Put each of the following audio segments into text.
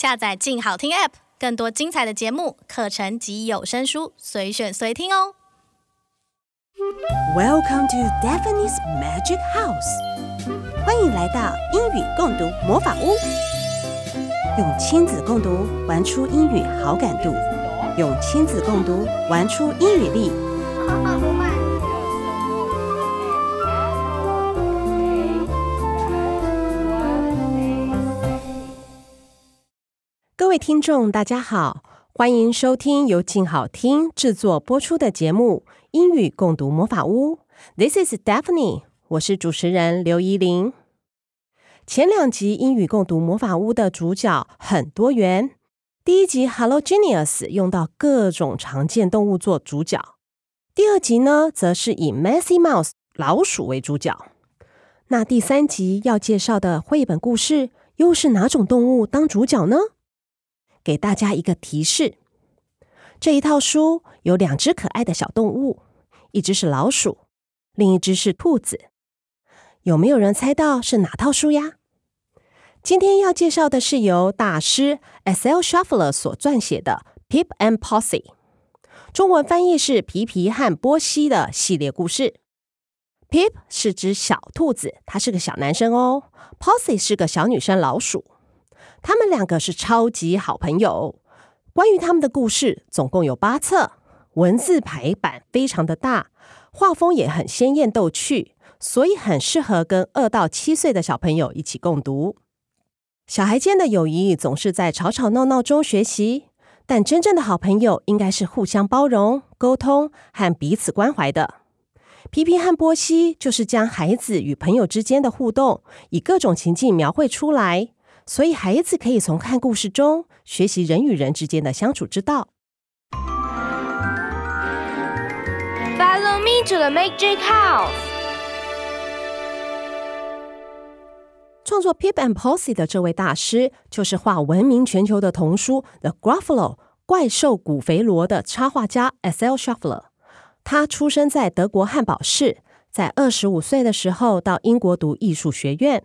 下載“鏡好聽 ”App，更多精彩的節目、課程及有聲書，隨選隨聽哦。Welcome to Daphne's Magic House，歡迎來到英語共讀魔法屋。用親子共讀玩出英語好感度，用親子共讀玩出英語力。各位聽眾，大家好，歡迎收聽由靜好聽制作播出的節目《英語共讀魔法屋》。This is Daphne，我是主持人劉怡伶。前兩集《英語共讀魔法屋》的主角很多元，第一集《Hello Genius》用到各種常見動物做主角，第二集呢則是以 Messy Mouse 老鼠為主角。那第三集要介紹的繪本故事又是哪種動物當主角呢？給大家一個提示，這一套書有兩隻可愛的小動物，一隻是老鼠，另一隻是兔子。有沒有人猜到是哪套書呀？今天要介紹的是由大師 Axel Scheffler 所撰寫的《Pip and Posy》，中文翻譯是《皮皮和波西》的系列故事。Pip 是只小兔子，它是個小男生哦。Posy 是個小女生老鼠。他們兩個是超級好朋友。關於他們的故事，總共有八冊，文字排版非常的大，畫風也很鮮豔逗趣，所以很適合跟二到七歲的小朋友一起共讀。小孩間的友誼總是在吵吵鬧鬧中學習，但真正的好朋友應該是互相包容、溝通和彼此關懷的。皮皮和波西就是將孩子與朋友之間的互動，以各種情境描繪出來。所以，孩子可以從看故事中學習人與人之間的相處之道。Follow me to the Magic House。創作《Pip and Posy》的這位大師，就是畫聞名全球的童書《The Gruffalo》怪獸古肥羅的插畫家 Axel Scheffler。他出生在德國漢堡市，在二十五歲的時候到英國讀藝術學院。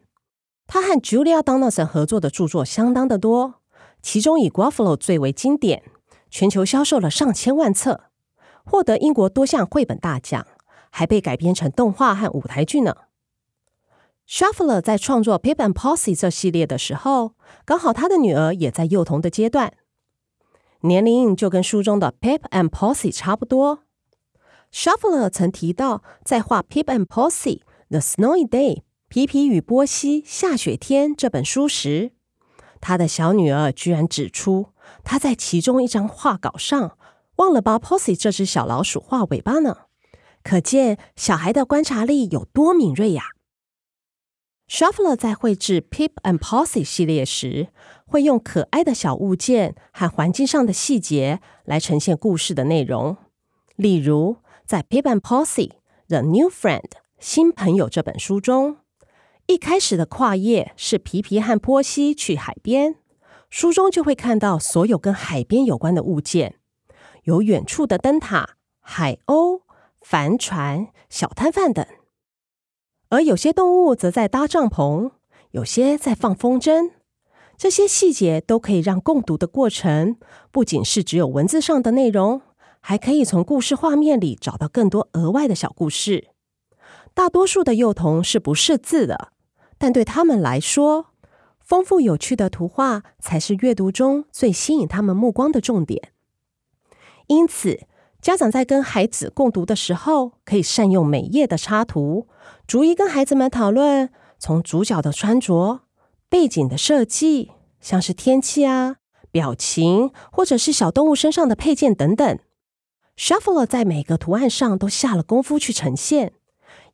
他和 Julia Donaldson 合作的著作相當的多，其中以《Gruffalo》最為經典，全球銷售了上千萬冊，獲得英國多項繪本大獎，還被改編成動畫和舞台劇呢。Shuffler 在創作《Pip and Posy》這系列的時候，剛好他的女兒也在幼童的階段，年齡就跟書中的 Pip and Posy 差不多。Shuffler 曾提到，在畫《Pip and Posy》，《The Snowy Day》。《皮皮與波西下雪天》這本書時，他的小女兒居然指出，他在其中一張畫稿上忘了把 Posy 這隻小老鼠畫尾巴呢。可見小孩的觀察力有多敏銳呀！Shuffler 在繪製《Pip and Posy》系列時，會用可愛的小物件和環境上的細節來呈現故事的內容。例如，在《Pip and Posy: The New Friend 新朋友》這本書中。一開始的跨頁是皮皮和波西去海邊，書中就會看到所有跟海邊有關的物件，有遠處的燈塔、海鷗、帆船、小攤販等。而有些動物則在搭帳篷，有些在放風箏。這些細節都可以讓共讀的過程不僅是只有文字上的內容，還可以從故事畫面裡找到更多額外的小故事。大多數的幼童是不識字的。但對他們來說，豐富有趣的圖畫才是閱讀中最吸引他們目光的重點。因此，家長在跟孩子共讀的時候，可以善用每頁的插圖，逐一跟孩子們討論，從主角的穿着、背景的設計，像是天氣啊、表情，或者是小動物身上的配件等等。Scheffler 在每個圖案上都下了功夫去呈現。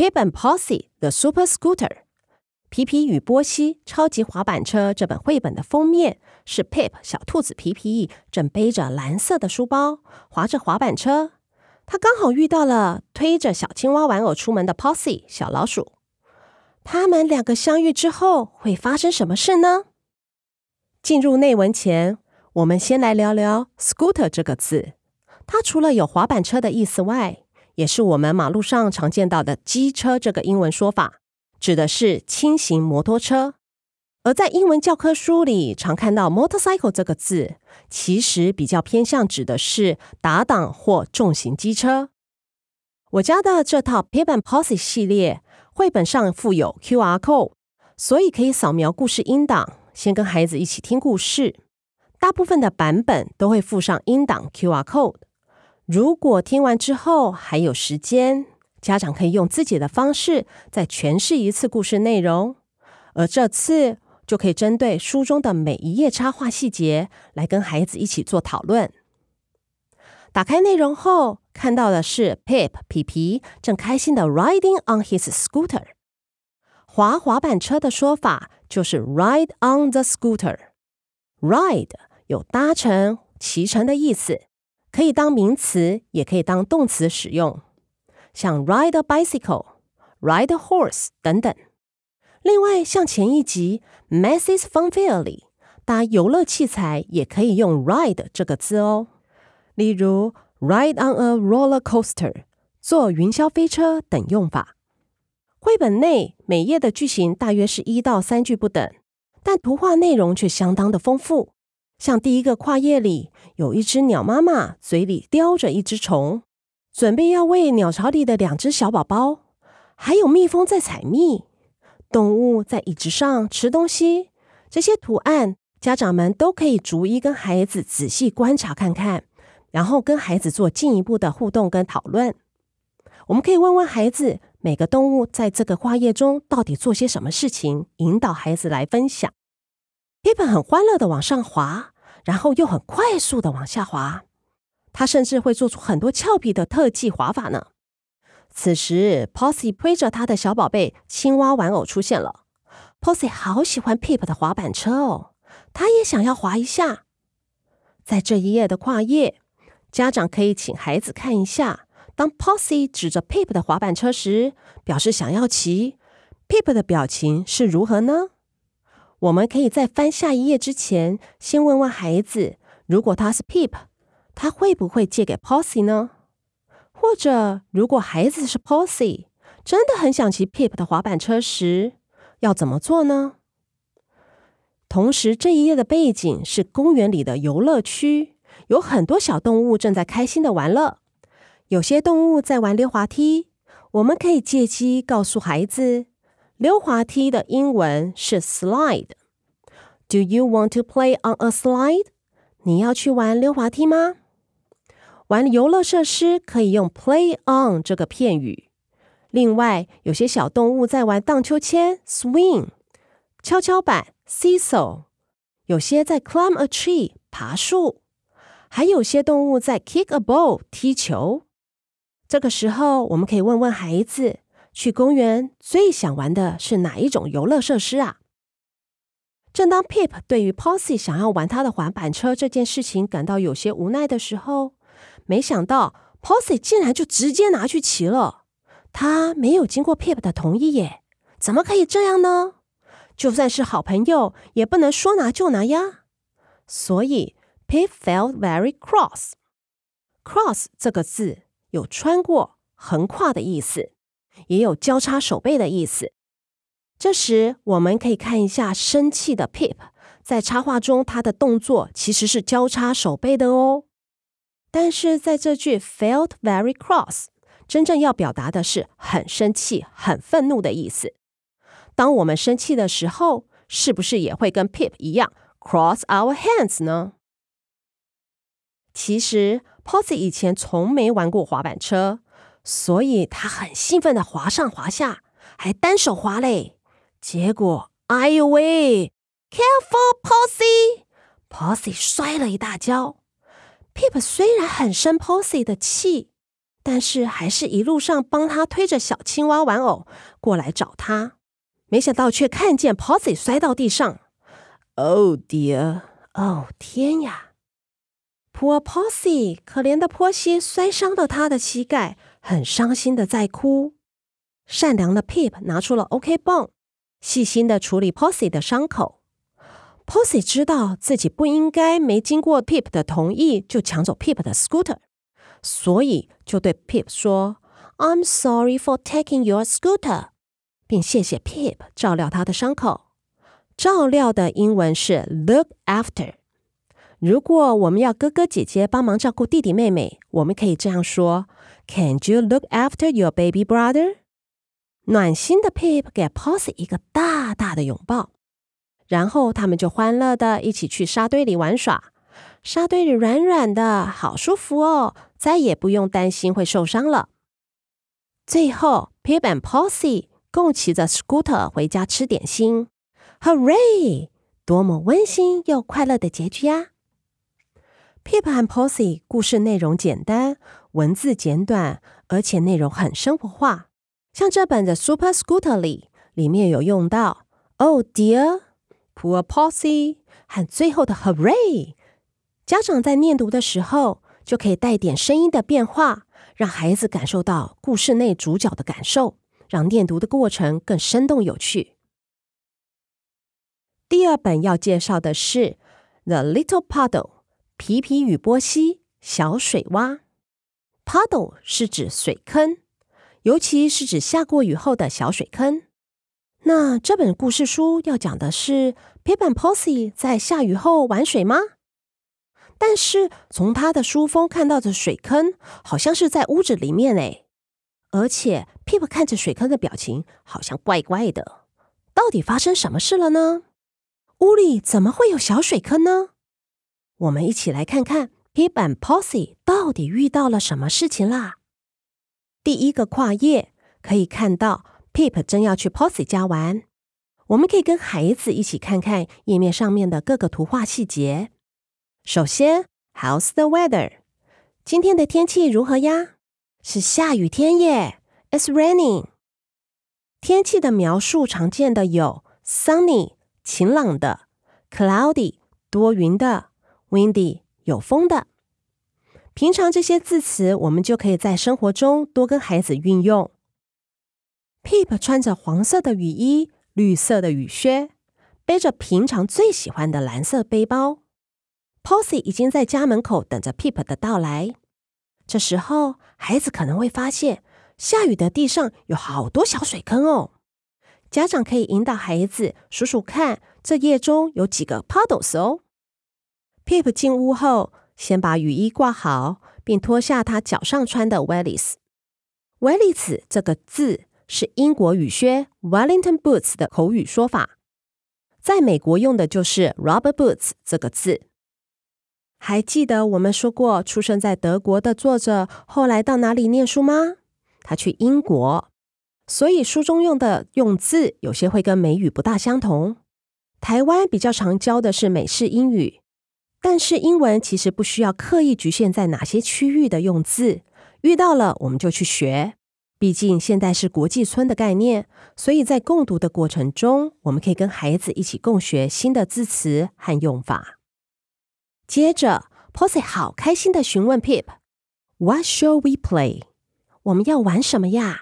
《Pip and Posy the Super Scooter》皮皮與波西超級滑板車，這本繪本的封面是 Pip 小兔子皮皮，正背着藍色的書包滑着滑板車，他剛好遇到了推着小青蛙玩偶出門的波西小老鼠。他們兩個相遇之後會發生什麼事呢？進入內文前，我們先來聊聊 “scooter” 這個字，它除了有滑板車的意思外，也是我們馬路上常見到的機車，這個英文說法指的是輕型摩托車。而在英文教科書裡常看到 motorcycle 這個字，其實比較偏向指的是打檔或重型機車。我家的這套 Pip and Posy 系列繪本上附有 QR code，所以可以掃描故事音檔，先跟孩子一起聽故事。大部分的版本都會附上音檔 QR code。如果聽完之後還有時間，家長可以用自己的方式再詮釋一次故事內容，而這次就可以針對書中的每一頁插畫細節來跟孩子一起做討論。打開內容後，看到的是 Pip 皮皮正開心的 riding on his scooter，滑滑板車的說法就是 ride on the scooter，ride 有搭乘、騎乘的意思。可以當名詞，也可以當動詞使用，像 ride a bicycle、ride a horse 等等。另外，像前一集《Maisy's Fun Fair》搭遊樂器材也可以用 ride 這個字哦，例如 ride on a roller coaster，坐雲霄飛車等用法。繪本內每頁的句型大約是一到三句不等，但圖畫內容卻相當的豐富。像第一個跨頁裡有一隻鳥媽媽，嘴裡叼着一隻蟲，準備要餵鳥巢裡的兩隻小寶寶；還有蜜蜂在採蜜，動物在椅子上吃東西。這些圖案，家長們都可以逐一跟孩子仔細觀察看看，然後跟孩子做進一步的互動跟討論。我們可以問問孩子，每個動物在這個跨頁中到底做些什麼事情，引導孩子來分享。Pip 很歡樂的往上滑，然後又很快速的往下滑，他甚至會做出很多俏皮的特技滑法呢。此時，Posy 推着他的小寶貝青蛙玩偶出現了。Posy 好喜歡 Pip 的滑板車哦，他也想要滑一下。在這一頁的跨頁，家長可以請孩子看一下，當 Posy 指着 Pip 的滑板車時，表示想要騎，Pip 的表情是如何呢？我們可以在翻下一頁之前，先問問孩子：如果他是 Pip，他會不會借給 Posy 呢？或者如果孩子是 Posy，真的很想騎 Pip 的滑板車時，要怎麼做呢？同時，這一頁的背景是公園裡的遊樂區，有很多小動物正在開心的玩樂，有些動物在玩溜滑梯。我們可以借機告訴孩子。溜滑梯的英文是 slide。Do you want to play on a slide？你要去玩溜滑梯嗎？玩遊樂設施可以用 play on 這個片語。另外，有些小動物在玩盪秋千 （swing）、蹺蹺板 s e a s e l 有些在 climb a tree 爬樹，還有些動物在 kick a ball 踢球。這個時候，我們可以問問孩子。去公園最想玩的是哪一種遊樂設施啊？正當 Pip 對於 Posy 想要玩他的滑板車這件事情感到有些無奈的時候，沒想到 Posy 竟然就直接拿去騎了。他沒有經過 Pip 的同意耶，怎麼可以這樣呢？就算是好朋友，也不能說拿就拿呀。所以 Pip felt very cross。cross 這個字有穿過、橫跨的意思。也有交叉手背的意思。這時，我們可以看一下生氣的 Pip，在插畫中，他的動作其實是交叉手背的哦。但是在這句 "felt very cross"，真正要表達的是很生氣、很憤怒的意思。當我們生氣的時候，是不是也會跟 Pip 一樣 cross our hands 呢？其實，Posy 以前從沒玩過滑板車。所以他很興奮地滑上滑下，還單手滑嘞。結果，哎呦喂，Careful, Posy！Posy 摔了一大跤。Pip 雖然很生 Posy 的氣，但是還是一路上幫他推着小青蛙玩偶過來找他。沒想到卻看見 Posy 摔到地上。Oh dear！哦、oh, 天呀！Poor Posy！可憐的 Posy 摔傷了他的膝蓋。很傷心的在哭，善良的 Pip 拿出了 OK 繃，細心的處理 Posy 的傷口。Posy 知道自己不應該沒經過 Pip 的同意就搶走 Pip 的 scooter，所以就對 Pip 說：“I'm sorry for taking your scooter。”並謝謝 Pip 照料他的傷口。照料的英文是 look after。如果我們要哥哥姐姐幫忙照顧弟弟妹妹，我們可以這樣說。Can you look after your baby brother? 暖心的 Pip 給 Posy 一個大大的擁抱，然後他們就歡樂地一起去沙堆裡玩耍。沙堆裡軟軟的，好舒服哦！再也不用擔心會受傷了。最後，Pip 和 Posy 共騎着 scooter 回家吃點心。Hooray！多麼溫馨又快樂的結局呀、啊！Pip 和 Posy 故事內容簡單。文字簡短，而且內容很生活化，像這本的《Super Scooter》裡，裡面有用到 “Oh dear”、“Poor Posy” 和最後的 “Hooray”。家長在念讀的時候，就可以帶點聲音的變化，讓孩子感受到故事內主角的感受，讓念讀的過程更生動有趣。第二本要介紹的是《The Little Puddle》——皮皮與波西小水窪。Puddle 是指水坑，尤其是指下過雨後的小水坑。那這本故事書要講的是 Pip and Posy 在下雨後玩水嗎？但是從他的書封看到的水坑好像是在屋子裡面誒，而且 Pip 看着水坑的表情好像怪怪的。到底發生什麼事了呢？屋裡怎麼會有小水坑呢？我們一起來看看。Pip and Posy 到底遇到了什麼事情啦？第一個跨頁可以看到 Pip 正要去 Posy 家玩。我們可以跟孩子一起看看頁面上面的各個圖畫細節。首先，How's the weather？今天的天氣如何呀？是下雨天耶！It's raining。天氣的描述常見的有 sunny 晴朗的、cloudy 多雲的、windy 有風的。平常這些字詞，我們就可以在生活中多跟孩子運用。Pip 穿着黃色的雨衣、綠色的雨靴，背着平常最喜歡的藍色背包。Posy 已經在家門口等着 Pip 的到來。這時候，孩子可能會發現下雨的地上有好多小水坑哦。家長可以引導孩子數數看，這頁中有幾個 puddles 哦。Pip 進屋後。先把雨衣掛好，並脫下他腳上穿的 wellies。wellies 這個字是英國雨靴 （Wellington boots） 的口語說法，在美國用的就是 rubber boots 這個字。還記得我們說過，出生在德國的作者後來到哪裡念書嗎？他去英國，所以書中用的用字有些會跟美語不大相同。台灣比較常教的是美式英語。但是英文其實不需要刻意局限在哪些區域的用字，遇到了我們就去學。畢竟現在是國際村的概念，所以在共讀的過程中，我們可以跟孩子一起共學新的字詞和用法。接着，Posy 好開心的詢問 Pip，What shall we play？我們要玩什麼呀？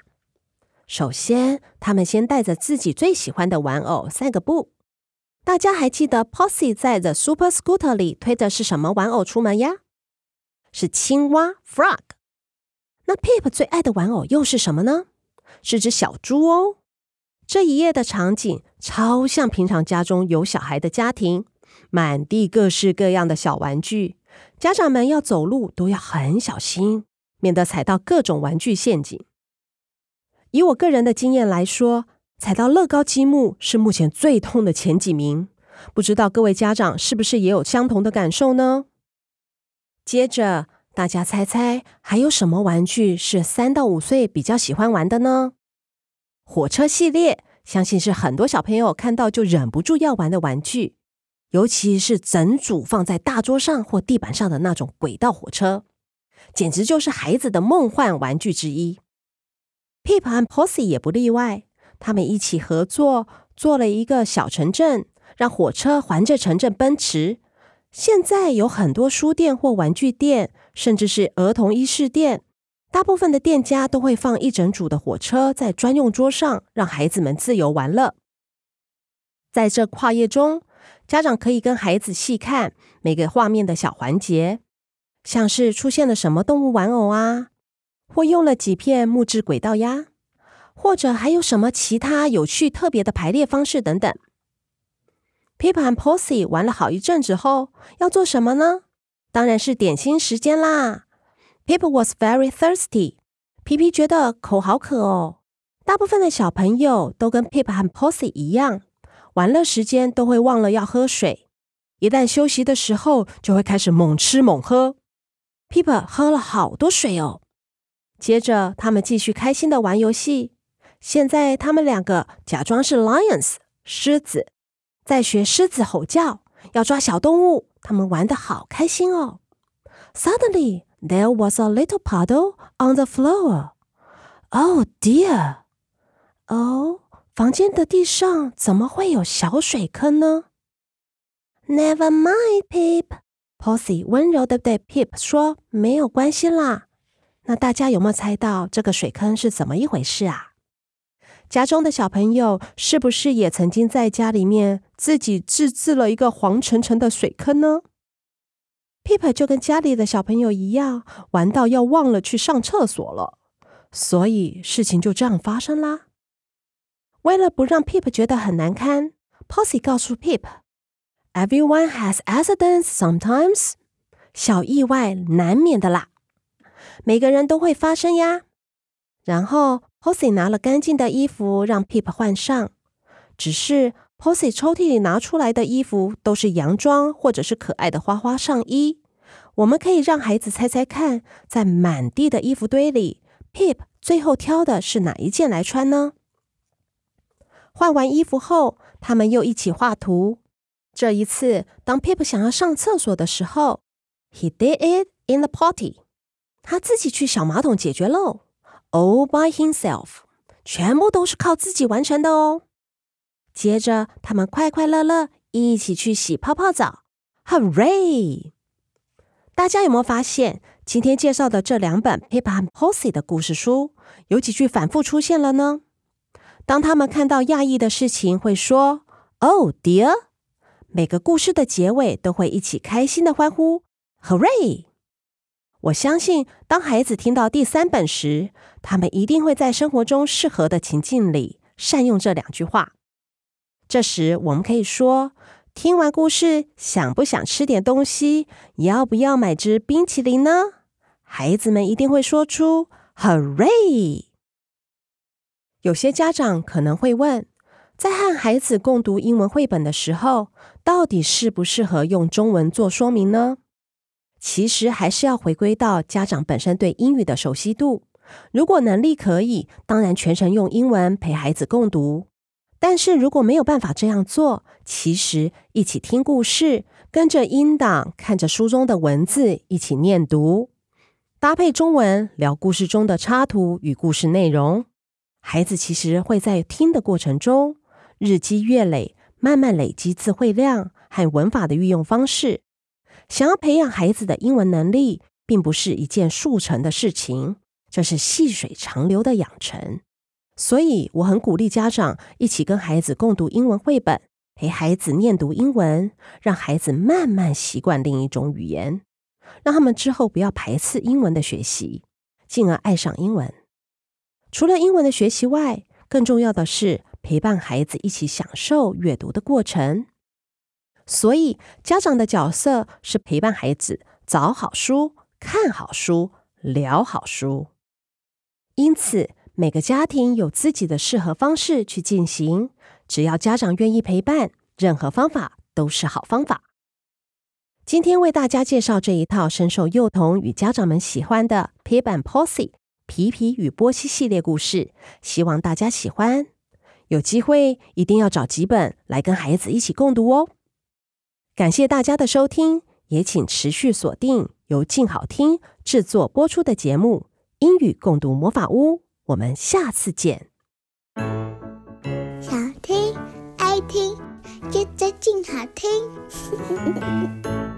首先，他們先帶着自己最喜歡的玩偶散個步。大家還記得 Posy 在 The Super Scooter 裡推的是什麼玩偶出門呀？是青蛙 Frog。那 Pip 最愛的玩偶又是什麼呢？是隻小豬哦。這一頁的場景超像平常家中有小孩的家庭，滿地各式各樣的小玩具，家長們要走路都要很小心，免得踩到各種玩具陷阱。以我個人的經驗來說，踩到樂高積木是目前最痛的前幾名，不知道各位家長是不是也有相同的感受呢？接着，大家猜猜還有什麼玩具是三到五歲比較喜歡玩的呢？火車系列相信是很多小朋友看到就忍不住要玩的玩具，尤其是整組放在大桌上或地板上的那種軌道火車，簡直就是孩子的夢幻玩具之一。Pip 和 Posy 也不例外。他們一起合作做了一個小城鎮，讓火車環着城鎮奔馳。現在有很多書店或玩具店，甚至是兒童衣飾店，大部分的店家都會放一整組的火車在專用桌上，讓孩子們自由玩樂。在這跨頁中，家長可以跟孩子細看每個畫面的小環節，像是出現了什麼動物玩偶啊，或用了幾片木質軌道呀。或者還有什麼其他有趣特別的排列方式等等。Pip 和 Posy 玩了好一陣子後，要做什麼呢？當然是點心時間啦。Pip was very thirsty，皮皮覺得口好渴哦。大部分的小朋友都跟 Pip 和 Posy 一樣，玩了時間都會忘了要喝水，一旦休息的時候就會開始猛吃猛喝。Pip 喝了好多水哦。接着，他們繼續開心的玩遊戲。現在他們兩個假裝是 lions，獅子，在學獅子吼叫，要抓小動物。他們玩得好開心哦。Suddenly there was a little puddle on the floor. Oh dear. Oh，房間的地上怎麼會有小水坑呢？Never mind, Pip. Posy 溫柔的對 Pip 說沒有關係啦。那大家有沒有猜到這個水坑是怎麼一回事啊？家中的小朋友是不是也曾經在家裡面自己自製，製了一個黃澄澄的水坑呢？Pip 就跟家裡的小朋友一樣，玩到要忘了去上廁所了，所以事情就這樣發生啦。為了不讓 Pip 覺得很難堪，Posy 告訴 Pip，Everyone has accidents sometimes，小意外難免的啦，每個人都會發生呀。然後。Posy 拿了乾淨的衣服讓 Pip 換上，只是 Posy 抽屜裡拿出來的衣服都是洋裝或者是可愛的花花上衣。我們可以讓孩子猜猜看，在滿地的衣服堆裡，Pip 最後挑的是哪一件來穿呢？換完衣服後，他們又一起畫圖。這一次，當 Pip 想要上廁所的時候，He did it in the potty，他自己去小馬桶解決嘍。All、oh, by himself，全部都是靠自己完成的哦。接着，他們快快樂樂一起去洗泡泡澡，Hooray！大家有沒有發現，今天介紹的這兩本《Pip and Posy》的故事書，有幾句反復出現了呢？當他們看到訝異的事情，會說 “Oh dear”，每個故事的結尾都會一起開心地歡呼，Hooray！我相信，當孩子聽到第三本時，他們一定會在生活中適合的情境裡善用這兩句話。這時，我們可以說：“聽完故事，想不想吃點東西？要不要買支冰淇淋呢？”孩子們一定會說出 “Hurray！”，有些家長可能會問：在和孩子共讀英文繪本的時候，到底適不適合用中文做說明呢？其實還是要回歸到家長本身對英語的熟悉度。如果能力可以，當然全程用英文陪孩子共讀。但是如果沒有辦法這樣做，其實一起聽故事，跟着音檔，看着書中的文字一起念讀，搭配中文聊故事中的插圖與故事內容，孩子其實會在聽的過程中日積月累，慢慢累積詞彙量和文法的運用方式。想要培養孩子的英文能力，並不是一件速成的事情，這是細水長流的養成。所以，我很鼓勵家長一起跟孩子共讀英文繪本，陪孩子念讀英文，讓孩子慢慢習慣另一種語言，讓他們之後不要排斥英文的學習，進而愛上英文。除了英文的學習外，更重要的是陪伴孩子一起享受閱讀的過程。所以，家長的角色是陪伴孩子找好書、看好書、聊好書。因此，每個家庭有自己的適合方式去進行。只要家長願意陪伴，任何方法都是好方法。今天為大家介紹這一套深受幼童與家長們喜歡的《Pip and Posy》皮皮與波西系列故事，希望大家喜歡。有機會一定要找幾本來跟孩子一起共讀哦。感謝大家的收聽，也請持續鎖定由靜好聽制作播出的節目《英語共讀魔法屋》，我們下次見。想聽愛聽，就得靜好聽。